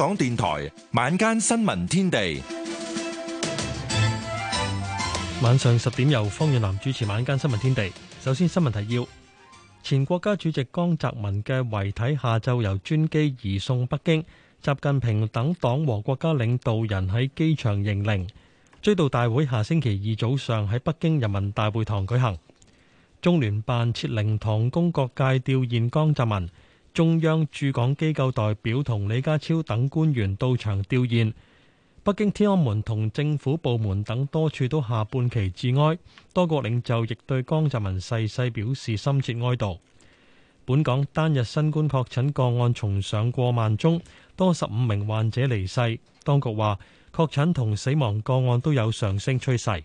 港電台晚間新聞天地，晚上十點由方遠南主持晚間新聞天地。首先新聞提要：前國家主席江澤民嘅遺體下晝由專機移送北京，習近平等黨和國家領導人喺機場迎靈，追悼大會下星期二早上喺北京人民大會堂舉行。中聯辦設靈堂供各界吊唁江澤民。中央駐港機構代表同李家超等官員到場吊唁，北京天安門同政府部門等多處都下半旗致哀。多國領袖亦對江澤民逝世表示深切哀悼。本港單日新冠確診個案重上過萬宗，多十五名患者離世。當局話，確診同死亡個案都有上升趨勢。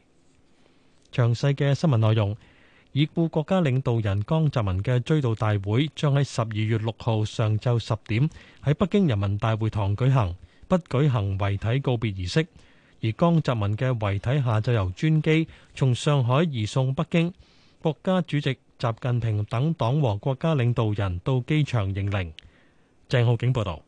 詳細嘅新聞內容。已故國家領導人江澤民嘅追悼大會將喺十二月六號上晝十點喺北京人民大會堂舉行，不舉行遺體告別儀式。而江澤民嘅遺體下晝由專機從上海移送北京，國家主席習近平等黨和國家領導人到機場迎靈。鄭浩景報道。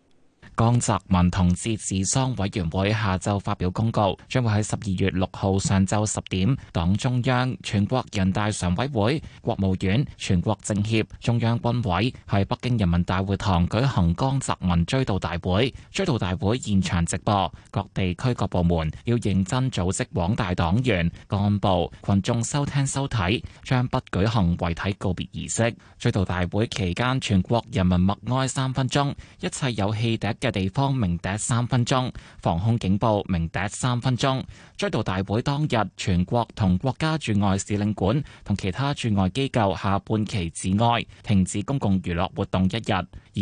江澤民同志治喪委員會下晝發表公告，將會喺十二月六號上晝十點，黨中央、全國人大常委會、國務院、全國政協、中央軍委喺北京人民大會堂舉行江澤民追悼大會。追悼大會現場直播，各地區各部門要認真組織廣大黨員、幹部、群眾收聽收睇。將不舉行遺體告別儀式。追悼大會期間，全國人民默哀三分鐘。一切有汽笛嘅地方鳴笛三分鐘，防空警報鳴笛三分鐘。追悼大會當日，全國同國家駐外使領館同其他駐外機構下半旗致哀，停止公共娛樂活動一日。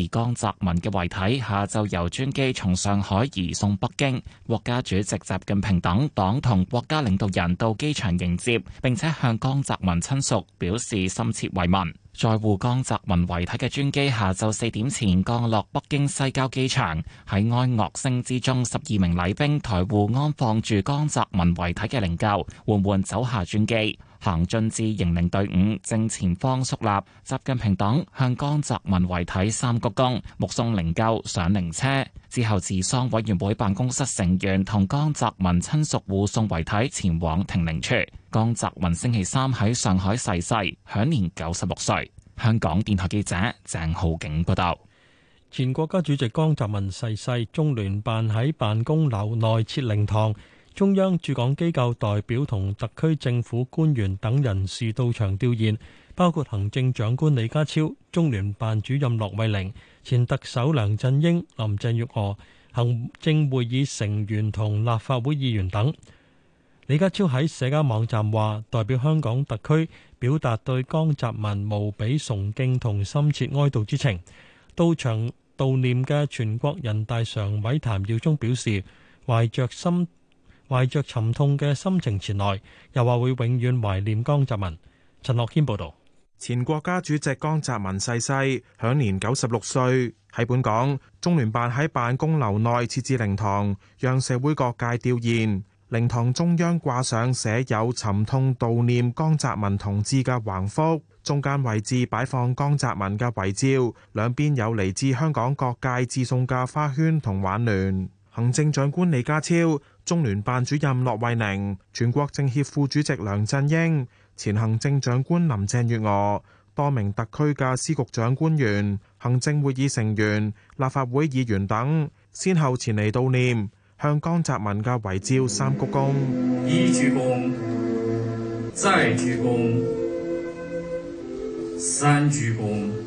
而江澤民嘅遺體下晝由專機從上海移送北京，國家主席習近平等黨同國家領導人到機場迎接，並且向江澤民親屬表示深切慰問。載護江澤民遺體嘅專機下晝四點前降落北京西郊機場，喺哀樂聲之中，十二名禮兵抬護安放住江澤民遺體嘅靈柩，緩緩走下專機。行進至迎靈隊伍正前方肅立，習近平等向江澤民遺體三鞠躬，目送靈柩上靈車。之後，治喪委員會辦公室成員同江澤民親屬護送遺體前往停靈處。江澤民星期三喺上海逝世，享年九十六歲。香港電台記者鄭浩景報道，前國家主席江澤民逝世，中聯辦喺辦公樓內設靈堂。中央駐港機構代表同特區政府官員等人士到場悼唁，包括行政長官李家超、中聯辦主任駱惠寧、前特首梁振英、林鄭月娥、行政會議成員同立法會議員等。李家超喺社交網站話：代表香港特區表達對江澤民無比崇敬同深切哀悼之情。到場悼念嘅全國人大常委譚耀宗表示，懷著心。懷着沉痛嘅心情前來，又話會永遠懷念江澤民。陳樂謙報道，前國家主席江澤民逝世，享年九十六歲。喺本港，中聯辦喺辦公樓內設置靈堂，讓社會各界弔唁。靈堂中央掛上寫有沉痛悼念江澤民同志嘅橫幅，中間位置擺放江澤民嘅遺照，兩邊有嚟自香港各界致送嘅花圈同輓聯。行政長官李家超、中聯辦主任駱惠寧、全國政協副主席梁振英、前行政長官林鄭月娥、多名特區嘅司局長官員、行政會議成員、立法會議員等先後前嚟悼念，向江澤民嘅遺照三鞠躬。一鞠躬，再鞠躬，三鞠躬。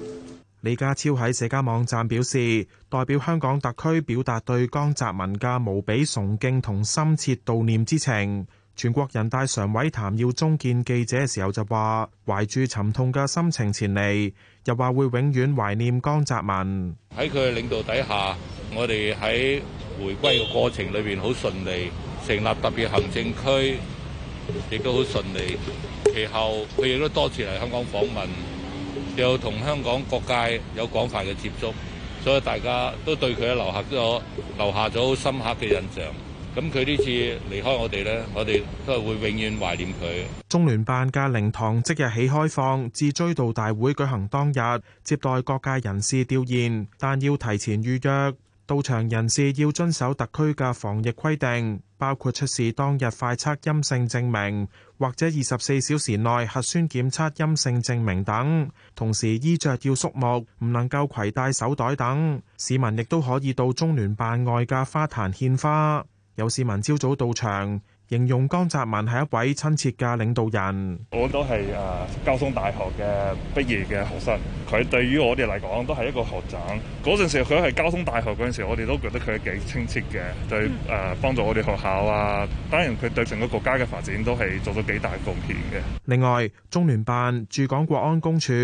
李家超喺社交網站表示，代表香港特區表達對江澤民嘅無比崇敬同深切悼念之情。全國人大常委譚耀宗見記者嘅時候就話，懷住沉痛嘅心情前嚟，又話會永遠懷念江澤民。喺佢嘅領導底下，我哋喺回歸嘅過程裏邊好順利，成立特別行政區亦都好順利。其後佢亦都多次嚟香港訪問。又同香港各界有廣泛嘅接觸，所以大家都對佢留下咗留下咗好深刻嘅印象。咁佢呢次離開我哋咧，我哋都係會永遠懷念佢。中聯辦嘅靈堂即日起開放，至追悼大會舉行當日，接待各界人士吊唁，但要提前預約。到場人士要遵守特區嘅防疫規定，包括出示當日快測陰性證明。或者二十四小時內核酸檢測陰性證明等，同時衣着要肅穆，唔能夠攜帶手袋等。市民亦都可以到中聯辦外嘅花壇獻花。有市民朝早到場。形容江澤民係一位親切嘅領導人。我都係誒交通大學嘅畢業嘅學生，佢對於我哋嚟講都係一個學長。嗰陣時佢係交通大學嗰陣時，我哋都覺得佢幾親切嘅，對誒幫助我哋學校啊。當然佢對整個國家嘅發展都係做咗幾大貢獻嘅。另外，中聯辦駐港國安公署、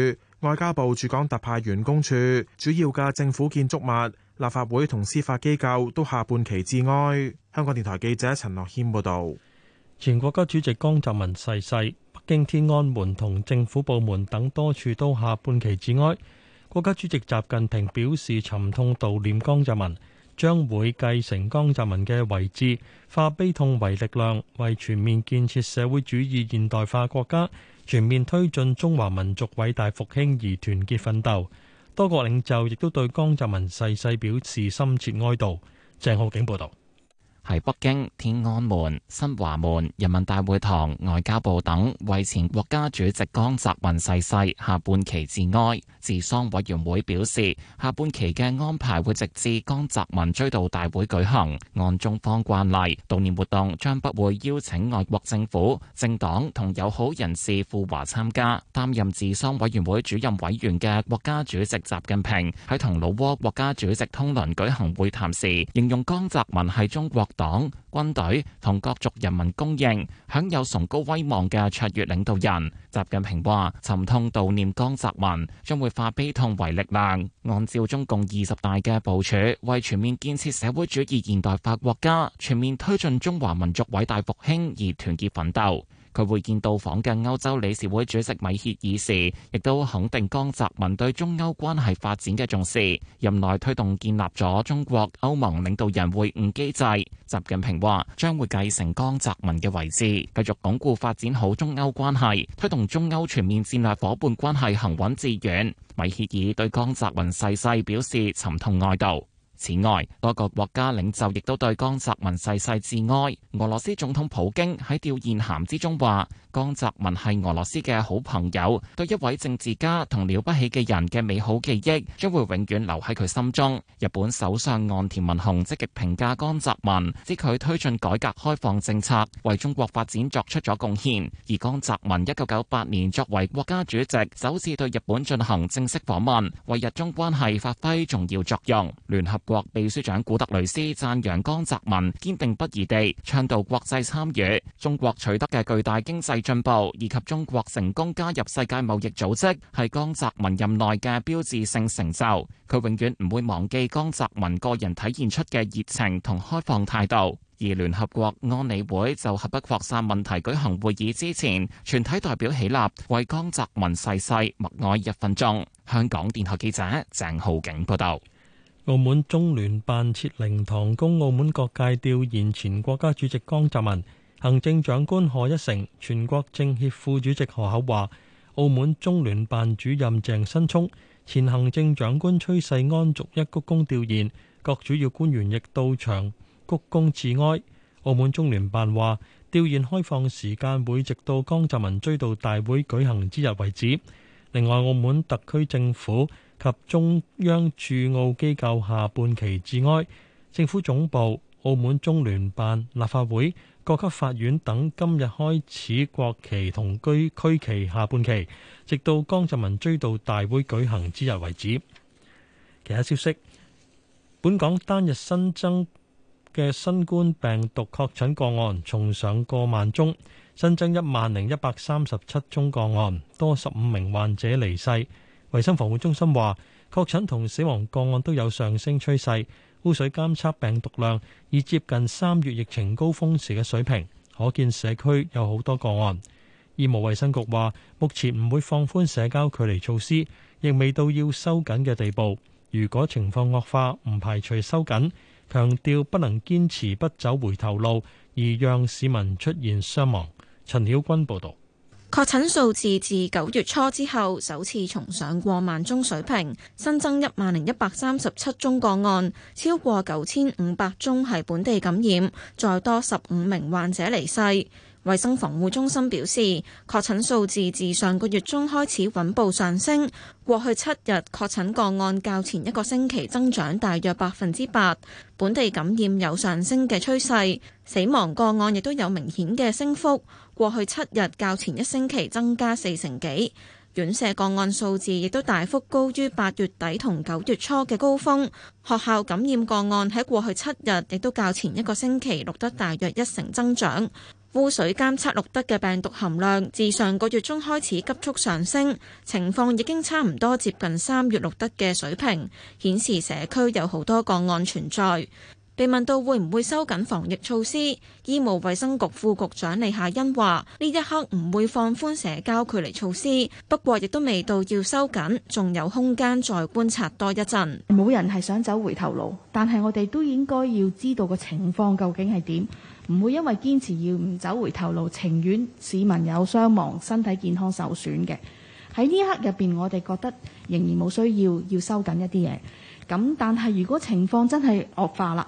外交部駐港特派員公署主要嘅政府建築物，立法會同司法機構都下半旗致哀。香港電台記者陳樂軒報導，前國家主席江澤民逝世，世，北京天安門同政府部門等多處都下半旗致哀。國家主席習近平表示沉痛悼念江澤民，將會繼承江澤民嘅遺志，化悲痛為力量，為全面建設社會主義現代化國家、全面推進中華民族偉大復興而團結奮鬥。多國領袖亦都對江澤民逝世表示深切哀悼。鄭浩景報道。喺北京天安門、新華門、人民大會堂、外交部等，為前國家主席江澤民逝世下半期致哀。治喪委員會表示，下半期嘅安排會直至江澤民追悼大會舉行。按中方慣例，悼念活動將不會邀請外國政府、政黨同友好人士赴華參加。擔任治喪委員會主任委員嘅國家主席習近平喺同老撾國家主席通倫舉行會談時，形容江澤民係中國。黨、軍隊同各族人民公認享有崇高威望嘅卓越領導人。習近平話：沉痛悼念江澤民，將會化悲痛為力量，按照中共二十大嘅部署，為全面建設社會主義現代化國家，全面推進中華民族偉大復興而團結奮鬥。佢會見到訪嘅歐洲理事會主席米歇爾時，亦都肯定江澤民對中歐關係發展嘅重視，任內推動建立咗中國歐盟領導人會晤機制。習近平話將會繼承江澤民嘅位置，繼續鞏固發展好中歐關係，推動中歐全面戰略伙伴關係行穩致遠。米歇爾對江澤民逝世表示沉痛哀悼。此外，多個國家領袖亦都對江澤民逝世致哀。俄羅斯總統普京喺吊唁函之中話：江澤民係俄羅斯嘅好朋友，對一位政治家同了不起嘅人嘅美好記憶，將會永遠留喺佢心中。日本首相岸田文雄積極評價江澤民，指佢推進改革開放政策，為中國發展作出咗貢獻。而江澤民一九九八年作為國家主席，首次對日本進行正式訪問，為日中關係發揮重要作用。聯合國國秘書長古特雷斯讚揚江澤民堅定不移地倡導國際參與，中國取得嘅巨大經濟進步以及中國成功加入世界貿易組織，係江澤民任內嘅標誌性成就。佢永遠唔會忘記江澤民個人體現出嘅熱情同開放態度。而聯合國安理會就核不擴散問題舉行會議之前，全體代表起立為江澤民逝世默哀一分鐘。香港電台記者鄭浩景報道。澳門中聯辦設靈堂供澳門各界吊唁前國家主席江澤民，行政長官賀一誠、全國政協副主席何厚華、澳門中聯辦主任鄭新聰、前行政長官崔世安逐一鞠躬吊唁。各主要官員亦到場鞠躬致哀。澳門中聯辦話，吊唁開放時間會直到江澤民追悼大會舉行之日為止。另外，澳門特區政府及中央駐澳機構下半旗致哀，政府總部、澳門中聯辦、立法會、各級法院等今日開始國旗同居區旗下半旗，直到江澤民追悼大會舉行之日為止。其他消息，本港單日新增嘅新冠病毒確診個案重上過萬宗，新增一萬零一百三十七宗個案，多十五名患者離世。衞生防護中心話，確診同死亡個案都有上升趨勢，污水監測病毒量已接近三月疫情高峰時嘅水平，可見社區有好多個案。醫務衛生局話，目前唔會放寬社交距離措施，亦未到要收緊嘅地步。如果情況惡化，唔排除收緊，強調不能堅持不走回頭路，而讓市民出現傷亡。陳曉君報導。確診數字自九月初之後首次重上過萬宗水平，新增一萬零一百三十七宗個案，超過九千五百宗係本地感染，再多十五名患者離世。衛生防護中心表示，確診數字自上個月中開始穩步上升，過去七日確診個案較前一個星期增長大約百分之八，本地感染有上升嘅趨勢，死亡個案亦都有明顯嘅升幅。過去七日較前一星期增加四成幾，院舍個案數字亦都大幅高於八月底同九月初嘅高峰。學校感染個案喺過去七日亦都較前一個星期錄得大約一成增長。污水監測錄得嘅病毒含量自上個月中開始急速上升，情況已經差唔多接近三月錄得嘅水平，顯示社區有好多個案存在。被問到會唔會收緊防疫措施，醫務衛生局副局長李夏欣話：呢一刻唔會放寬社交距離措施，不過亦都未到要收緊，仲有空間再觀察多一陣。冇人係想走回頭路，但係我哋都應該要知道個情況究竟係點，唔會因為堅持要唔走回頭路，情願市民有傷亡、身體健康受損嘅。喺呢一刻入邊，我哋覺得仍然冇需要要收緊一啲嘢。咁但係如果情況真係惡化啦，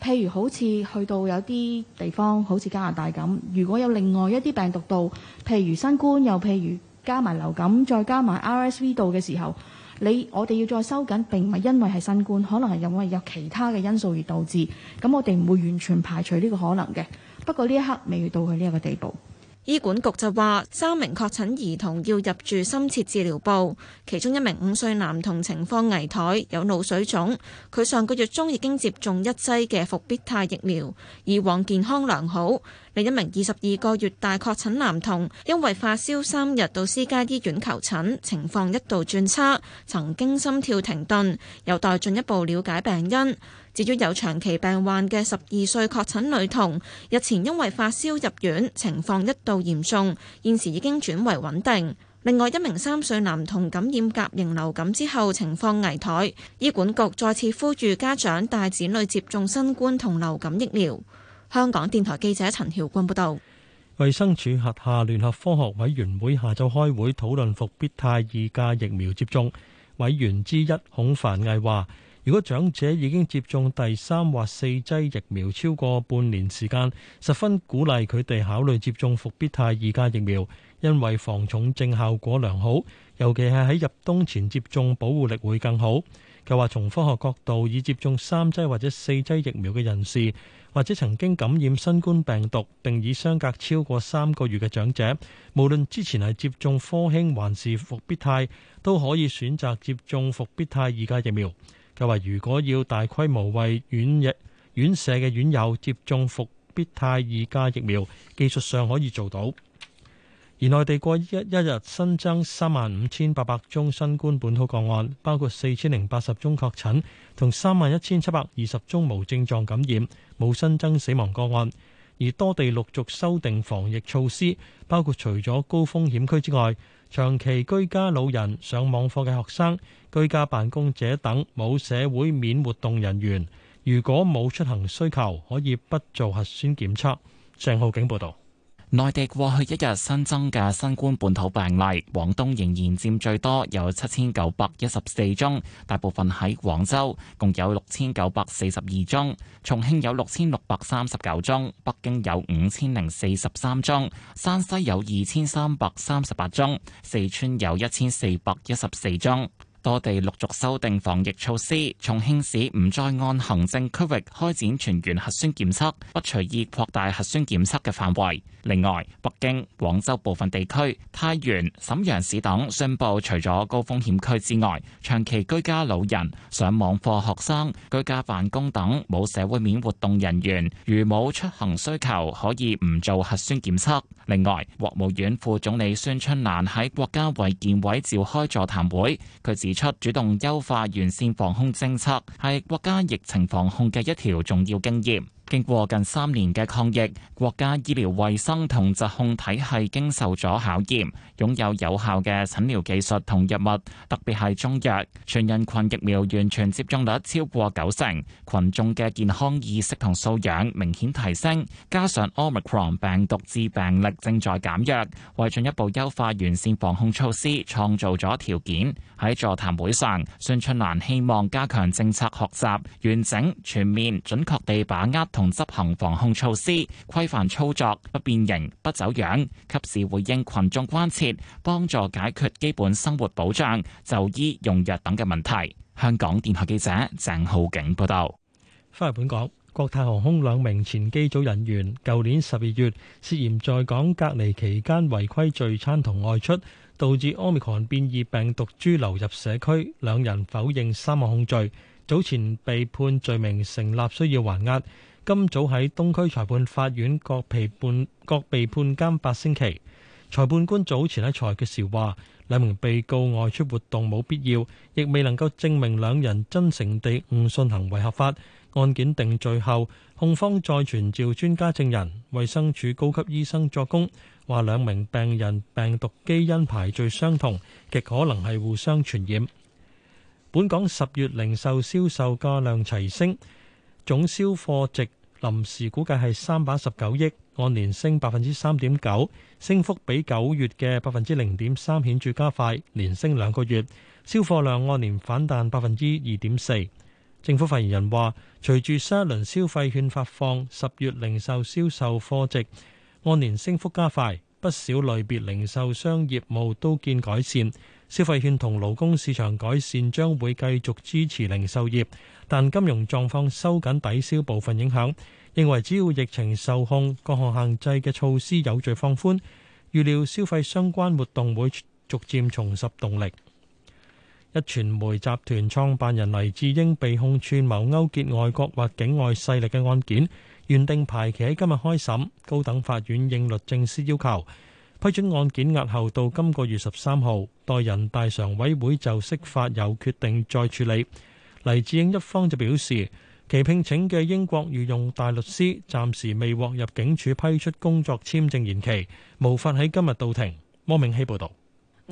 譬如好似去到有啲地方，好似加拿大咁，如果有另外一啲病毒到，譬如新冠，又譬如加埋流感，再加埋 RSV 度嘅時候，你我哋要再收緊，並唔係因為係新冠，可能係因為有其他嘅因素而導致，咁我哋唔會完全排除呢個可能嘅。不過呢一刻未到去呢一個地步。醫管局就話，三名確診兒童要入住深切治療部，其中一名五歲男童情況危殆，有腦水腫。佢上個月中已經接種一劑嘅伏必泰疫苗，以往健康良好。另一名二十二個月大確診男童因為發燒三日到私家醫院求診，情況一度轉差，曾經心跳停頓，有待進一步了解病因。至於有長期病患嘅十二歲確診女童，日前因為發燒入院，情況一度嚴重，現時已經轉為穩定。另外一名三歲男童感染甲型流感之後，情況危殆。醫管局再次呼籲家長帶子女接種新冠同流感疫苗。香港電台記者陳曉君報導。衛生署轄下聯合科學委員會下晝開會討論復必泰二價疫苗接種，委員之一孔凡毅話。如果長者已經接種第三或四劑疫苗超過半年時間，十分鼓勵佢哋考慮接種復必泰二價疫苗，因為防重症效果良好，尤其係喺入冬前接種保護力會更好。佢話：從科學角度，已接種三劑或者四劑疫苗嘅人士，或者曾經感染新冠病毒並已相隔超過三個月嘅長者，無論之前係接種科興還是復必泰，都可以選擇接種復必泰二價疫苗。又話，如果要大規模為院疫院舍嘅院友接種復必泰二價疫苗，技術上可以做到。而內地過一一日新增三萬五千八百宗新冠本土個案，包括四千零八十宗確診同三萬一千七百二十宗無症狀感染，冇新增死亡個案。而多地陸續修訂防疫措施，包括除咗高風險區之外，長期居家老人、上網課嘅學生。居家辦公者等冇社會面活動人員，如果冇出行需求，可以不做核酸檢測。鄭浩景報道。內地過去一日新增嘅新冠本土病例，廣東仍然佔最多，有七千九百一十四宗，大部分喺廣州，共有六千九百四十二宗；重慶有六千六百三十九宗，北京有五千零四十三宗，山西有二千三百三十八宗，四川有一千四百一十四宗。多地陸續修訂防疫措施，重慶市唔再按行政區域開展全員核酸檢測，不隨意擴大核酸檢測嘅範圍。另外，北京、廣州部分地區、太原、沈陽市等宣布，除咗高風險區之外，長期居家老人、上網課學生、居家辦公等冇社會面活動人員如冇出行需求，可以唔做核酸檢測，另外，國務院副總理孫春蘭喺國家衛健委召開座談會，佢指。提出主動優化完善防控政策，係國家疫情防控嘅一條重要經驗。經過近三年嘅抗疫，國家醫療衛生同疾控體系經受咗考驗，擁有有效嘅診療技術同藥物，特別係中藥。全人群疫苗完全接種率超過九成，群眾嘅健康意識同素養明顯提升，加上奧密克戎病毒致病力正在減弱，為進一步優化完善防控措施創造咗條件。喺座談會上，孫春蘭希望加強政策學習，完整、全面、準確地把握同同執行防控措施，規範操作，不變形、不走樣，及時回應群眾關切，幫助解決基本生活保障、就醫用藥等嘅問題。香港電台記者鄭浩景報道。翻嚟本港，國泰航空兩名前機組人員，舊年十二月涉嫌在港隔離期間違規聚餐同外出，導致奧密克戎變異病毒株流入社區。兩人否認三項控罪，早前被判罪名成立，需要還押。今早喺東區裁判法院各被判各被判監八星期。裁判官早前喺裁決時話，兩名被告外出活動冇必要，亦未能夠證明兩人真誠地誤信行為合法。案件定罪後，控方再傳召專家證人，衛生署高級醫生作供，話兩名病人病毒基因排序相同，極可能係互相傳染。本港十月零售銷售價量齊升。總銷貨值臨時估計係三百一十九億，按年升百分之三點九，升幅比九月嘅百分之零點三顯著加快，連升兩個月。銷貨量按年反彈百分之二點四。政府發言人話，隨住新一輪消費券發放，十月零售銷售貨值按年升幅加快，不少類別零售商業務都見改善。消費券同勞工市場改善將會繼續支持零售業，但金融狀況收緊抵消部分影響。認為只要疫情受控，各項限制嘅措施有序放寬，預料消費相關活動會逐漸重拾動力。一傳媒集團創辦人黎智英被控串謀勾結外國或境外勢力嘅案件，原定排期喺今日開審，高等法院應律政司要求。批准案件押後到今個月十三號，待人大常委會就釋法有決定再處理。黎智英一方就表示，其聘請嘅英國御用大律師暫時未獲入境處批出工作簽證延期，無法喺今日到庭。莫明希報導。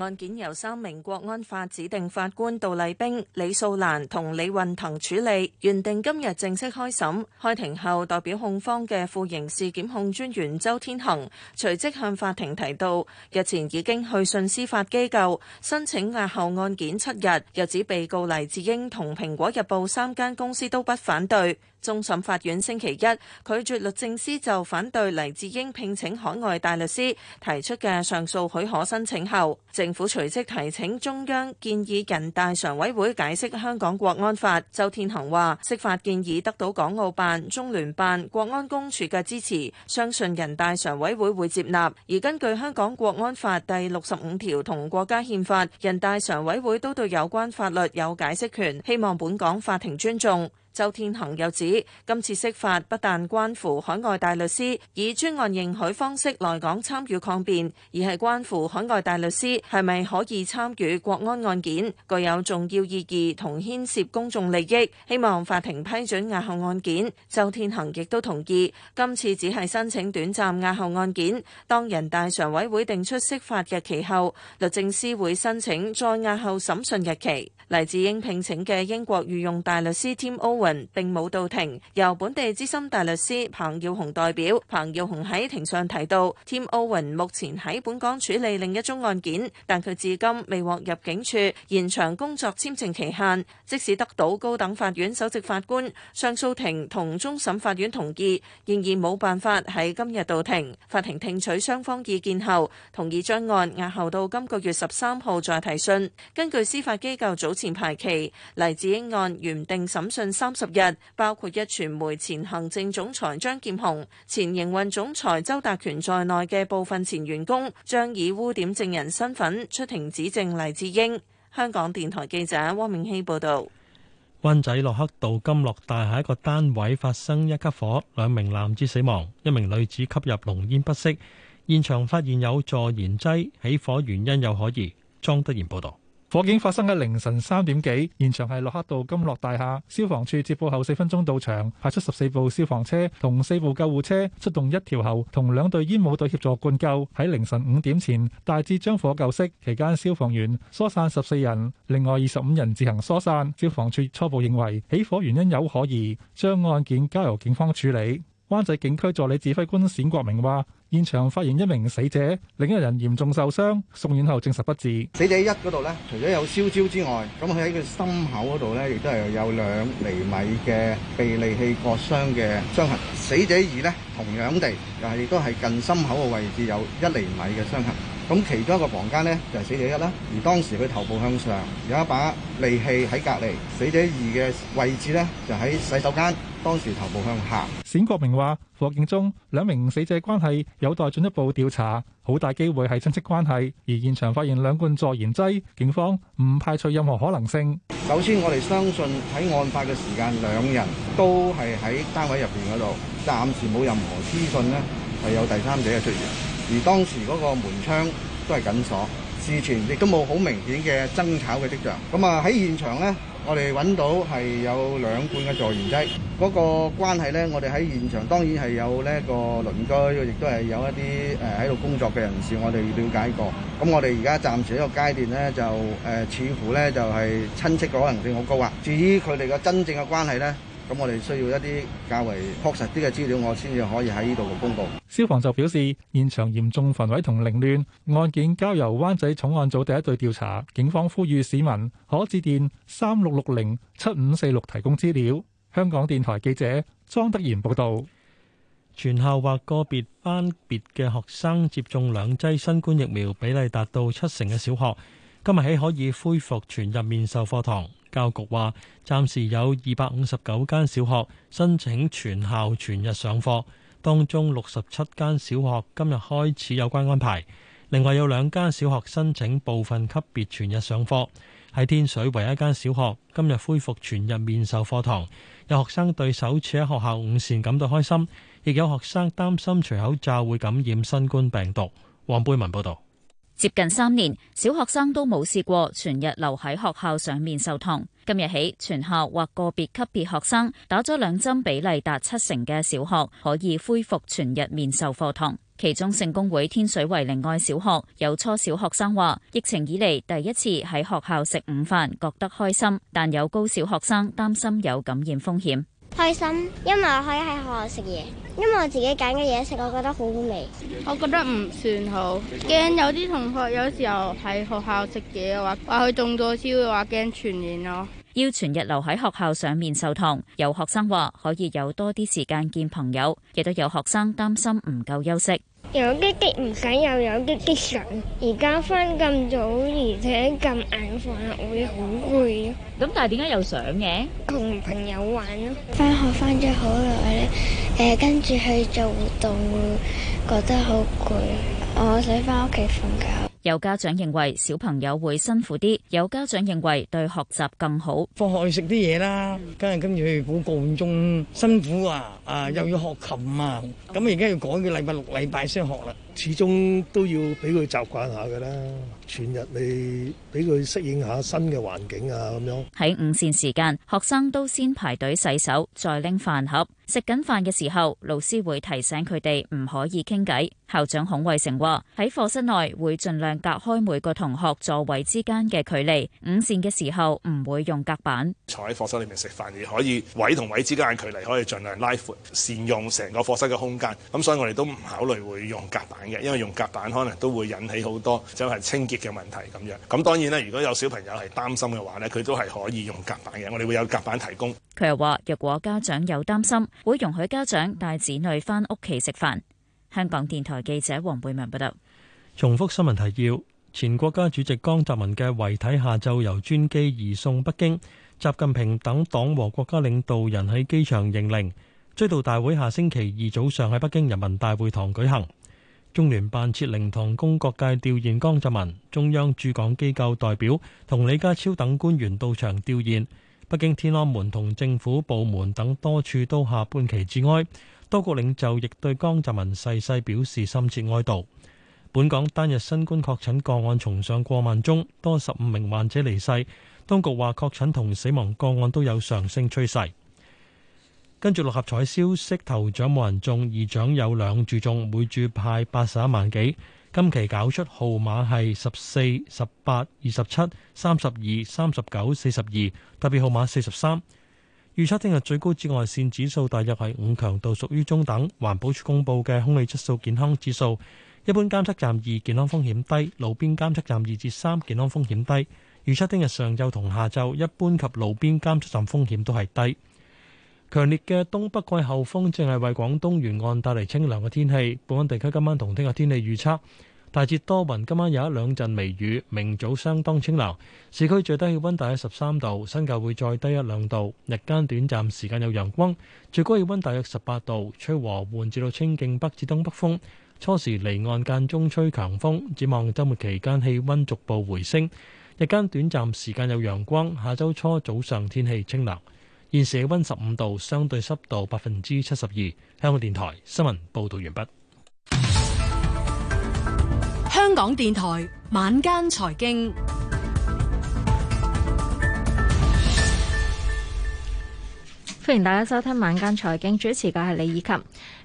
案件由三名國安法指定法官杜麗冰、李素蘭同李運騰處理，原定今日正式開審。開庭後，代表控方嘅副刑事檢控專員周天行隨即向法庭提到，日前已經去信司法機構申請押後案件七日，又指被告黎智英同蘋果日報三間公司都不反對。終審法院星期一拒絕律政司就反對黎智英聘請海外大律師提出嘅上訴許可申請後，政府隨即提請中央建議人大常委會解釋香港國安法。周天恒話：釋法建議得到港澳辦、中聯辦、國安公署嘅支持，相信人大常委會會接納。而根據香港國安法第六十五條同國家憲法，人大常委會都對有關法律有解釋權，希望本港法庭尊重。周天行又指，今次釋法不但關乎海外大律師以專案認許方式來港參與抗辯，而係關乎海外大律師係咪可以參與國安案件，具有重要意義同牽涉公眾利益。希望法庭批准押後案件。周天行亦都同意，今次只係申請短暫押後案件。當人大常委會定出釋法日期後律政司會申請再押後審訊日期。黎智英聘請嘅英國御用大律師。Tim Owen 並冇到庭，由本地資深大律師彭耀雄代表。彭耀雄喺庭上提到，添歐雲目前喺本港處理另一宗案件，但佢至今未獲入境處延長工作簽證期限。即使得到高等法院首席法官上訴庭同終審法院同意，仍然冇辦法喺今日到庭。法庭聽取雙方意見後，同意將案押後到今個月十三號再提訊。根據司法機構早前排期，黎智英案原定審訊三三十日，包括壹傳媒前行政總裁張劍雄、前營運總裁周達權在內嘅部分前員工，將以污點證人身份出庭指證黎智英。香港電台記者汪明希，報道。灣仔洛克道金樂大廈一個單位發生一級火，兩名男子死亡，一名女子吸入濃煙不適。現場發現有助燃劑，起火原因有可疑。莊德賢，報道。火警發生喺凌晨三點幾，現場係洛克道金樂大廈。消防處接報後四分鐘到場，派出十四部消防車同四部救護車出動條，一條喉，同兩隊煙霧隊協助灌救。喺凌晨五點前大致將火救熄，期間消防員疏散十四人，另外二十五人自行疏散。消防處初步認為起火原因有可疑，將案件交由警方處理。灣仔警區助理指揮官冼國明話。現場發現一名死者，另一人嚴重受傷，送院後證實不治。死者當時頭部向下。冼國明話，火警中兩名死者關係有待進一步調查，好大機會係親戚關係。而現場發現兩罐助燃劑，警方唔排除任何可能性。首先，我哋相信喺案發嘅時間，兩人都係喺單位入邊嗰度，暫時冇任何資訊呢係有第三者嘅出現。而當時嗰個門窗都係緊鎖，事前亦都冇好明顯嘅爭吵嘅跡象。咁啊，喺現場呢。我哋揾到係有兩罐嘅助燃劑，嗰、那個關係呢，我哋喺現場當然係有呢一個鄰居，亦都係有一啲誒喺度工作嘅人士，我哋了解過。咁我哋而家暫時呢個階段呢，就、呃、似乎呢就係、是、親戚嘅可能性好高啊。至於佢哋嘅真正嘅關係呢？咁、嗯、我哋需要一啲較為確實啲嘅資料，我先至可以喺呢度公布。消防就表示，現場嚴重焚毀同凌亂，案件交由灣仔重案組第一隊調查。警方呼籲市民可致電三六六零七五四六提供資料。香港電台記者莊德賢報道，全校或個別班別嘅學生接種兩劑新冠疫苗比例達到七成嘅小學，今日起可以恢復全日面授課堂。教局話，暫時有二百五十九間小學申請全校全日上課，當中六十七間小學今日開始有關安排，另外有兩間小學申請部分級別全日上課。喺天水圍一間小學今日恢復全日面授課堂，有學生對首次喺學校午膳感到開心，亦有學生擔心除口罩會感染新冠病毒。黃貝文報導。接近三年，小學生都冇試過全日留喺學校上面授堂。今日起，全校或個別級別學生打咗兩針比例達七成嘅小學，可以恢復全日面授課堂。其中聖公會天水圍靈愛小學有初小學生話：疫情以嚟第一次喺學校食午飯，覺得開心，但有高小學生擔心有感染風險。開心，因為我可以喺學校食嘢，因為我自己揀嘅嘢食，我覺得好好味。我覺得唔算好，驚有啲同學有時候喺學校食嘢嘅話，話佢中咗招，話驚傳染咯。要全日留喺學校上面授堂，有學生話可以有多啲時間見朋友，亦都有學生擔心唔夠休息。有啲激唔使，又有啲激上，而家翻咁早而且咁眼瞓，會好攰啊！咁但係點解又上嘅？同朋友玩咯。翻學翻咗好耐咧，誒、呃，跟住去做活動，會覺得好攰。我想翻屋企瞓覺。有家長認為小朋友會辛苦啲，有家長認為對學習更好。放學去食啲嘢啦，梗係跟住補個半鐘，辛苦啊啊！又要學琴啊，咁而家要改去禮拜六禮拜先學，始終都要習慣下啦。始終都要俾佢習慣下㗎啦。全日嚟俾佢適應下新嘅環境啊，咁樣喺午膳時間，學生都先排隊洗手，再拎飯盒，食緊飯嘅時候，老師會提醒佢哋唔可以傾偈。校長孔慧成話：喺課室內會盡量隔開每個同學座位之間嘅距離。午膳嘅時候唔會用隔板，坐喺課室裏面食飯，而可以位同位之間嘅距離可以盡量拉闊，善用成個課室嘅空間。咁所以我哋都唔考慮會用隔板嘅，因為用隔板可能都會引起好多就係清潔嘅問題咁樣，咁當然咧，如果有小朋友係擔心嘅話咧，佢都係可以用夾板嘅，我哋會有夾板提供。佢又話：若果家長有擔心，會容許家長帶子女翻屋企食飯。香港電台記者黃貝文報道。重複新聞提要：前國家主席江澤民嘅遺體下晝由專機移送北京，習近平等黨和國家領導人喺機場迎靈，追悼大會下星期二早上喺北京人民大會堂舉行。中聯辦設靈堂供各界悼念江澤民，中央駐港機構代表同李家超等官員到場悼念。北京天安門同政府部門等多處都下半旗致哀，多國領袖亦對江澤民逝世，世表示深切哀悼。本港單日新冠確診個案重上過萬宗，多十五名患者離世。當局話，確診同死亡個案都有上升趨勢。跟住六合彩消息，頭獎冇人中，二獎有兩注中，每注派八十一萬幾。今期搞出號碼係十四、十八、二十七、三十二、三十九、四十二，特別號碼四十三。預測聽日最高紫外線指數大約係五強度，屬於中等。環保署公布嘅空氣質素健康指數，一般監測站二，健康風險低；路邊監測站二至三，健康風險低。預測聽日上晝同下晝，一般及路邊監測站風險都係低。強烈嘅東北季候風正係為廣東沿岸帶嚟清涼嘅天氣。本港地區今晚同聽日天氣預測，大致多雲，今晚有一兩陣微雨，明早相當清涼。市區最低氣温大約十三度，新界會再低一兩度。日間短暫時間有陽光，最高氣温大約十八度，吹和緩至到清勁北至東北風。初時離岸間中吹強風，展望周末期間氣温逐步回升，日間短暫時間有陽光。下周初早上天氣清涼。現時氣溫十五度，相對濕度百分之七十二。香港電台新聞報道完畢。香港電台晚間財經。歡迎大家收聽晚間財經，主持嘅係李以琴。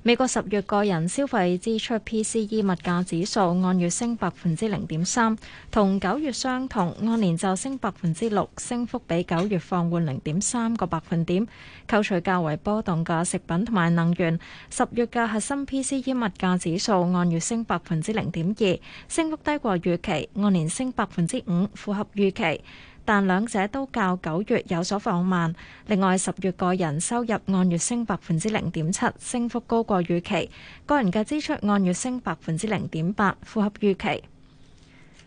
美國十月個人消費支出 PCE 物價指數按月升百分之零點三，同九月相同，按年就升百分之六，升幅比九月放緩零點三個百分點。扣除較為波動嘅食品同埋能源，十月嘅核心 PCE 物價指數按月升百分之零點二，升幅低過預期，按年升百分之五，符合預期。但兩者都較九月有所放慢。另外，十月個人收入按月升百分之零點七，升幅高過預期；個人嘅支出按月升百分之零點八，符合預期。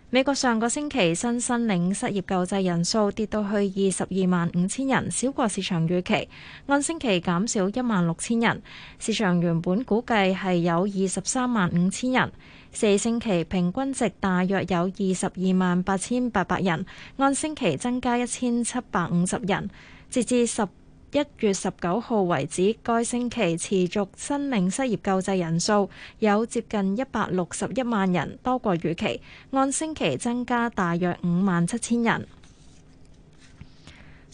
美國上個星期新申領失業救濟人數跌到去二十二萬五千人，少過市場預期，按星期減少一萬六千人，市場原本估計係有二十三萬五千人。四星期平均值大約有二十二萬八千八百人，按星期增加一千七百五十人。截至十一月十九號為止，該星期持續申領失業救濟人數有接近一百六十一萬人，多過預期，按星期增加大約五萬七千人。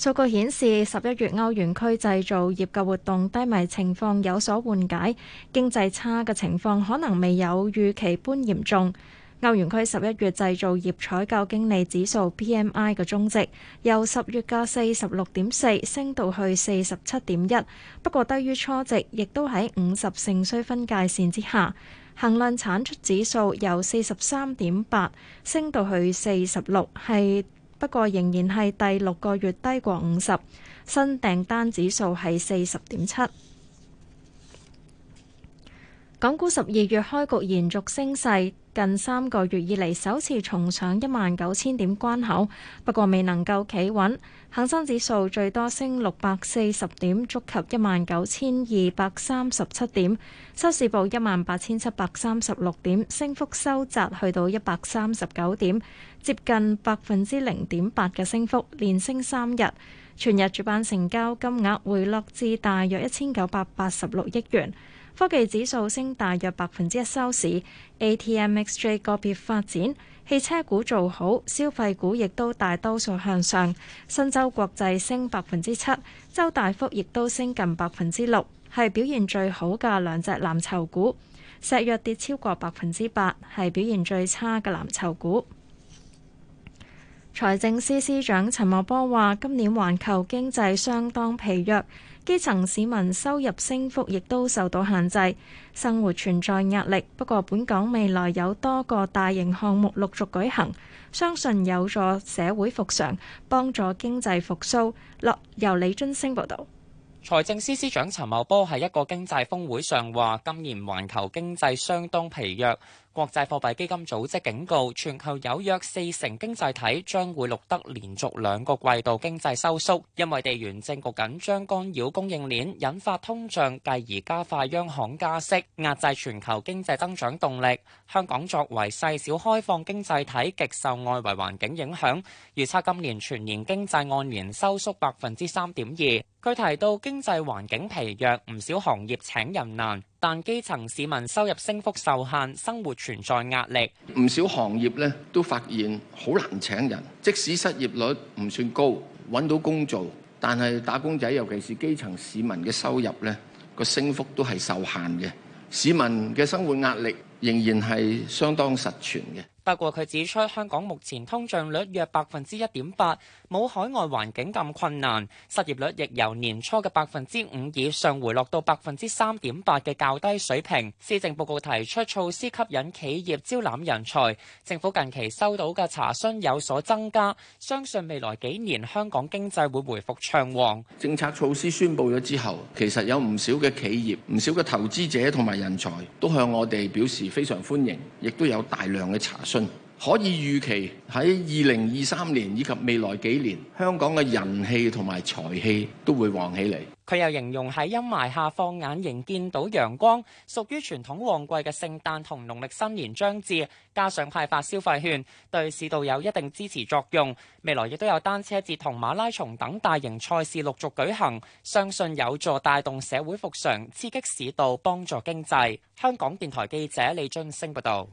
數據顯示，十一月歐元區製造業嘅活動低迷情況有所緩解，經濟差嘅情況可能未有預期般嚴重。歐元區十一月製造業採購經理指數 （PMI） 嘅中值由十月嘅四十六點四升到去四十七點一，不過低於初值，亦都喺五十盛衰分界線之下。衡量產出指數由四十三點八升到去四十六，係。不過仍然係第六個月低過五十，新訂單指數係四十點七。港股十二月開局延續升勢。近三個月以嚟首次重上一萬九千點關口，不過未能夠企穩。恒生指數最多升六百四十點，觸及一萬九千二百三十七點。收市報一萬八千七百三十六點，升幅收窄去到一百三十九點，接近百分之零點八嘅升幅，連升三日。全日主板成交金額回落至大約一千九百八十六億元。科技指數升大約百分之一收市，ATMXJ 個別發展，汽車股做好，消費股亦都大多數向上。新洲國際升百分之七，周大福亦都升近百分之六，係表現最好嘅兩隻藍籌股。石藥跌超過百分之八，係表現最差嘅藍籌股。財政司司長陳茂波話：今年環球經濟相當疲弱。基層市民收入升幅亦都受到限制，生活存在壓力。不過，本港未來有多個大型項目陸續舉行，相信有助社會復常，幫助經濟復甦。由李津星報導。財政司司長陳茂波喺一個經濟峰會上話，今年環球經濟相當疲弱。國際貨幣基金組織警告，全球有約四成經濟體將會錄得連續兩個季度經濟收縮，因為地緣政局緊張，干擾供應鏈，引發通脹，繼而加快央行加息，壓制全球經濟增長動力。香港作為細小開放經濟體，極受外圍環境影響，預測今年全年經濟按年收縮百分之三點二。佢提到經濟環境疲弱，唔少行業請人難。但基層市民收入升幅受限，生活存在壓力。唔少行業咧都發現好難請人，即使失業率唔算高，揾到工做，但係打工仔，尤其是基層市民嘅收入咧個升幅都係受限嘅。市民嘅生活壓力仍然係相當實存嘅。不過佢指出，香港目前通脹率約百分之一點八。冇海外環境咁困難，失業率亦由年初嘅百分之五以上回落到百分之三點八嘅較低水平。施政報告提出措施吸引企業招攬人才，政府近期收到嘅查詢有所增加，相信未來幾年香港經濟會回復暢旺。政策措施宣布咗之後，其實有唔少嘅企業、唔少嘅投資者同埋人才都向我哋表示非常歡迎，亦都有大量嘅查詢。可以預期喺二零二三年以及未來幾年，香港嘅人氣同埋財氣都會旺起嚟。佢又形容喺陰霾下放眼仍見到陽光，屬於傳統旺季嘅聖誕同農曆新年將至，加上派發消費券，對市道有一定支持作用。未來亦都有單車節同馬拉松等大型賽事陸續舉行，相信有助帶動社會復常，刺激市道，幫助經濟。香港電台記者李津星報道。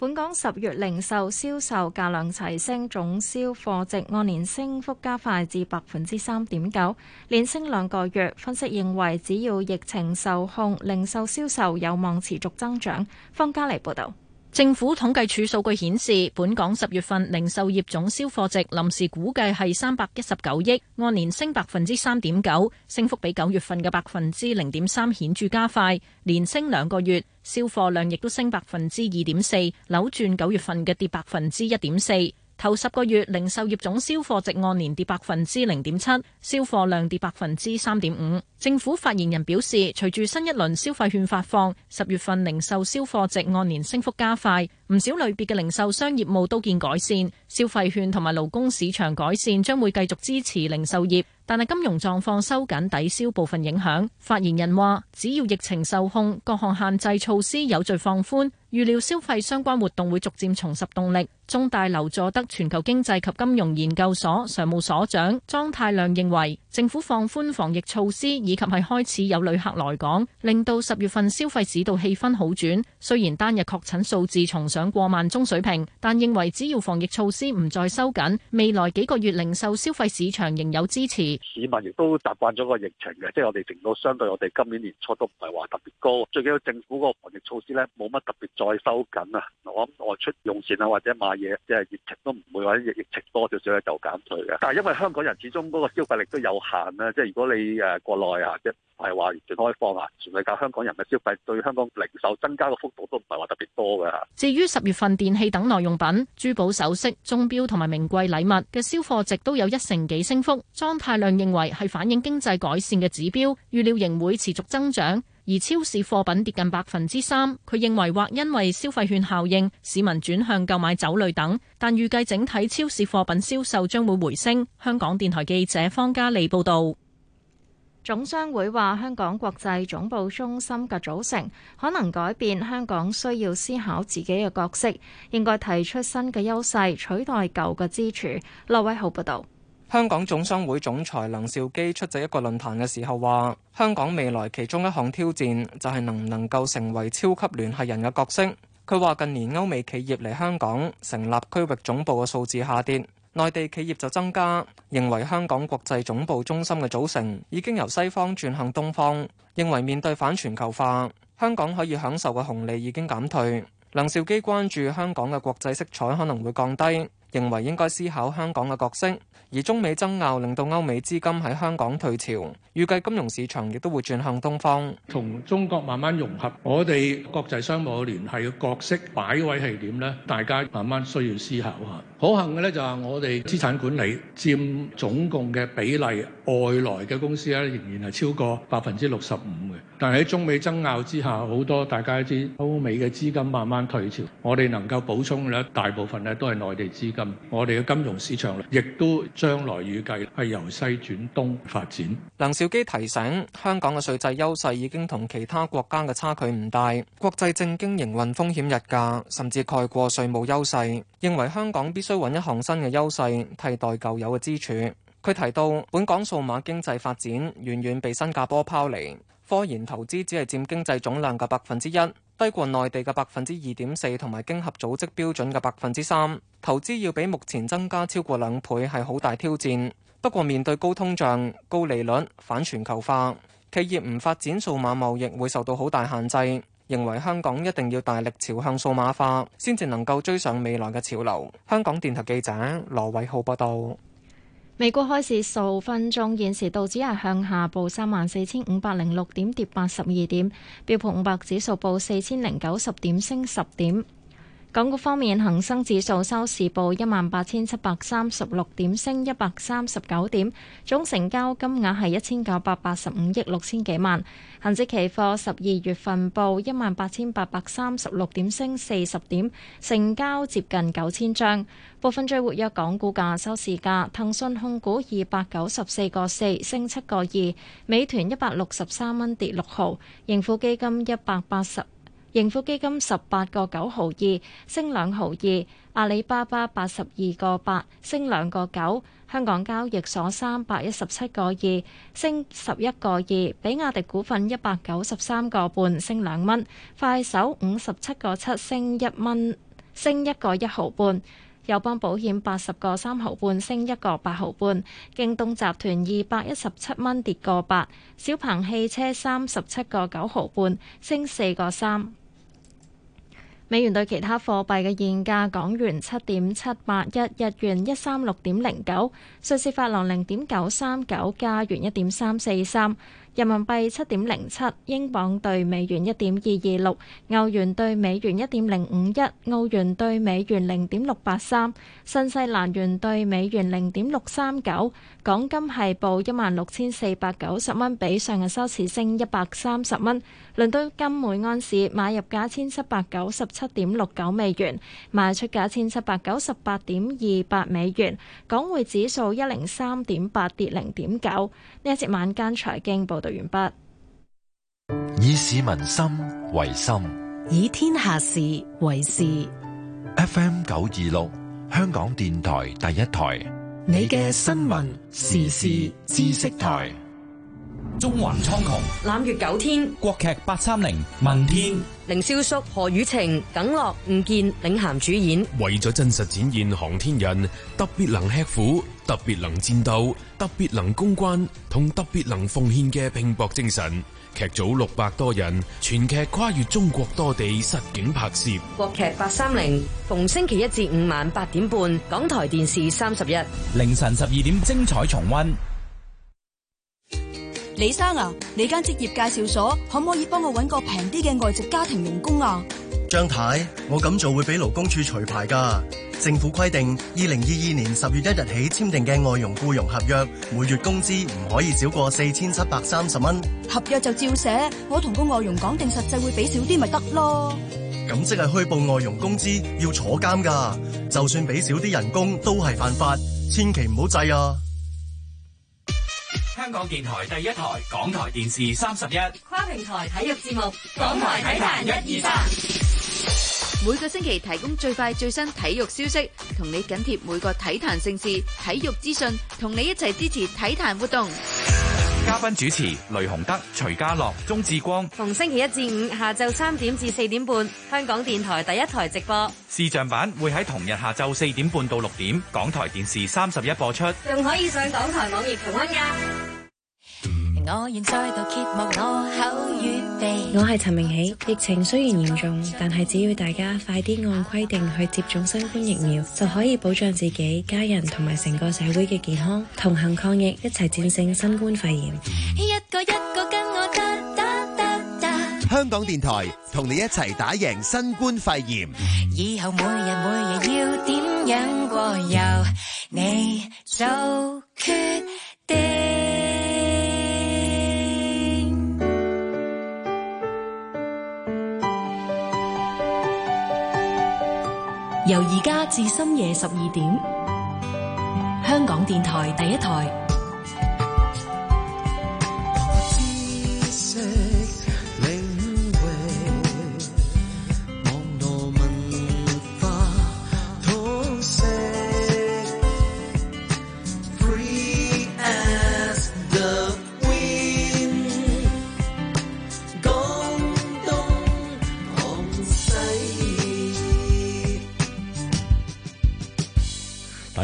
本港十月零售銷售價量齊升，總銷貨值按年升幅加快至百分之三點九，連升兩個月。分析認為，只要疫情受控，零售銷售有望持續增長。方家莉報道。政府統計處數據顯示，本港十月份零售業總銷貨值臨時估計係三百一十九億，按年升百分之三點九，升幅比九月份嘅百分之零點三顯著加快，連升兩個月，銷貨量亦都升百分之二點四，扭轉九月份嘅跌百分之一點四。頭十個月零售業總銷貨值按年跌百分之零點七，銷貨量跌百分之三點五。政府發言人表示，隨住新一輪消費券發放，十月份零售銷貨值按年升幅加快，唔少類別嘅零售商業務都見改善。消費券同埋勞工市場改善將會繼續支持零售業。但係金融狀況收緊抵消部分影響。發言人話，只要疫情受控，各項限制措施有序放寬，預料消費相關活動會逐漸重拾動力。中大劉佐德全球經濟及金融研究所常務所長莊太亮認為，政府放寬防疫措施以及係開始有旅客來港，令到十月份消費市道氣氛好轉。雖然單日確診數字重上過萬宗水平，但認為只要防疫措施唔再收緊，未來幾個月零售消費市場仍有支持。市民亦都習慣咗個疫情嘅，即係我哋成個相對我哋今年年初都唔係話特別高，最緊要政府嗰個防疫措施咧冇乜特別再收緊啊！我諗外出用膳啊，或者買嘢，即係疫情都唔會話疫疫情多咗少少咧就減退嘅。但係因為香港人始終嗰個消費力都有限啊，即係如果你誒國內啊，即係唔係話完全開放啊，全係靠香港人嘅消費對香港零售增加嘅幅度都唔係話特別多嘅。至於十月份電器等耐用品、珠寶首飾、鐘錶同埋名貴禮物嘅銷貨值都有一成幾升幅，裝太量。認為係反映經濟改善嘅指標，預料仍會持續增長。而超市貨品跌近百分之三，佢認為或因為消費券效應，市民轉向購買酒類等，但預計整體超市貨品銷售將會回升。香港電台記者方嘉利報道。總商會話：香港國際總部中心嘅組成可能改變，香港需要思考自己嘅角色，應該提出新嘅優勢，取代舊嘅支柱。劉偉豪報道。香港總商會總裁梁兆基出席一個論壇嘅時候話：香港未來其中一項挑戰就係能唔能夠成為超級聯繫人嘅角色。佢話近年歐美企業嚟香港成立區域總部嘅數字下跌，內地企業就增加，認為香港國際總部中心嘅組成已經由西方轉向東方。認為面對反全球化，香港可以享受嘅紅利已經減退。梁兆基關注香港嘅國際色彩可能會降低，認為應該思考香港嘅角色。而中美爭拗令到歐美資金喺香港退潮，預計金融市場亦都會轉向東方，同中國慢慢融合。我哋國際商務嘅聯繫嘅角色擺位係點呢？大家慢慢需要思考下。可幸嘅咧就係我哋資產管理佔總共嘅比例，外來嘅公司咧仍然係超過百分之六十五嘅。但係喺中美爭拗之下，好多大家知歐美嘅資金慢慢退潮，我哋能夠補充咧大部分咧都係內地資金，我哋嘅金融市場亦都，將來預計係由西轉東發展。梁兆基提醒，香港嘅稅制優勢已經同其他國家嘅差距唔大，國際政經營運風險日加，甚至蓋過稅務優勢。認為香港必須揾一項新嘅優勢替代舊有嘅支柱。佢提到，本港數碼經濟發展遠遠被新加坡拋離，科研投資只係佔經濟總量嘅百分之一。低過內地嘅百分之二點四，同埋經合組織標準嘅百分之三。投資要比目前增加超過兩倍係好大挑戰。不過面對高通脹、高利率、反全球化，企業唔發展數碼貿易會受到好大限制。認為香港一定要大力朝向數碼化，先至能夠追上未來嘅潮流。香港電台記者羅偉浩報道。美股開市數分鐘，現時道指係向下報三萬四千五百零六點，跌八十二點。標普五百指數報四千零九十點，升十點。港股方面，恒生指數收市報一萬八千七百三十六點，升一百三十九點，總成交金額係一千九百八十五億六千幾萬。恒指期貨十二月份報一萬八千八百三十六點，升四十點，成交接近九千張。部分最活躍港股價，收市價，騰訊控股二百九十四個四，升七個二；美團一百六十三蚊，跌六毫；盈富基金一百八十。盈富基金十八個九毫二，升兩毫二；阿里巴巴八十二個八，升兩個九；香港交易所三百一十七個二，升十一個二；比亞迪股份一百九十三個半，升兩蚊；快手五十七個七，升一蚊，升一個一毫半。友邦保險八十個三毫半，升一個八毫半，京東集團二百一十七蚊，跌個八，小鵬汽車三十七個九毫半，升四個三。美元對其他貨幣嘅現價，港元七點七八一，日元一三六點零九，瑞士法郎零點九三九，加元一點三四三。人民幣七點零七，英鎊兌美元一點二二六，歐元兌美元一點零五一，澳元兌美元零點六八三，新西蘭元兌美元零點六三九。港金係報一萬六千四百九十蚊，比上日收市升一百三十蚊。倫敦金每安士買入價一千七百九十七點六九美元，賣出價一千七百九十八點二八美元。港匯指數一零三點八，跌零點九。呢一節晚間財經報道。完畢，以市民心為心，以天下事為事。FM 九二六，香港電台第一台，你嘅新聞時事知識台。中環蒼穹攬月九天，國劇八三零，問天、凌瀟肅、何雨晴、耿樂、吳健、領銜主演。為咗真實展現航天人特別能吃苦、特別能戰鬥、特別能攻關同特別能奉獻嘅拼搏精神，劇組六百多人，全劇跨越中國多地實景拍攝。國劇八三零，逢星期一至五晚八點半，港台電視三十一，凌晨十二點精彩重溫。李生啊，你間職業介紹所可唔可以幫我揾個平啲嘅外籍家庭傭工啊？張太，我咁做會俾勞工處除牌噶。政府規定，二零二二年十月一日起簽訂嘅外傭僱傭合約，每月工資唔可以少過四千七百三十蚊。合約就照寫，我同個外傭講定實際會俾少啲咪得咯？咁即係虛報外傭工資要坐監噶，就算俾少啲人工都係犯法，千祈唔好制啊！香港電台第一台，港台電視三十一，跨平台體育節目，港台體壇一二三，每個星期提供最快最新體育消息，同你緊貼每個體壇盛事、體育資訊，同你一齊支持體壇活動。嘉賓主持：雷洪德、徐家樂、鍾志光。逢星期一至五下晝三點至四點半，香港電台第一台直播。視像版會喺同日下晝四點半到六點，港台電視三十一播出。仲可以上港台網頁重溫噶。我願再度揭幕我口語地，我係陳明喜，疫情雖然嚴重，但係只要大家快啲按規定去接種新冠疫苗，就可以保障自己、家人同埋成個社會嘅健康，同行抗疫，一齊戰勝新冠肺炎。一個一個跟我得得得得。香港電台同你一齊打贏新冠肺炎。以後每日每日要點樣過由你就決。由而家至深夜十二點，香港電台第一台。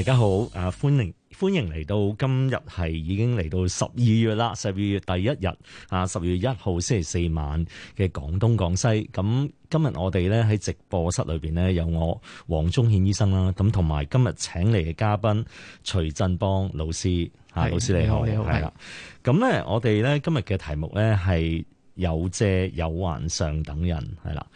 大家好，誒、啊，歡迎歡迎嚟，到今日係已經嚟到十二月啦，十二月第一日啊，十二月一號星期四晚嘅廣東廣西。咁今日我哋咧喺直播室裏邊咧有我黃忠憲醫生啦，咁同埋今日請嚟嘅嘉賓徐振邦老師，吓是老師你好，你好係啦。咁咧的我哋咧今日嘅題目咧係有借有還上等人，係啦。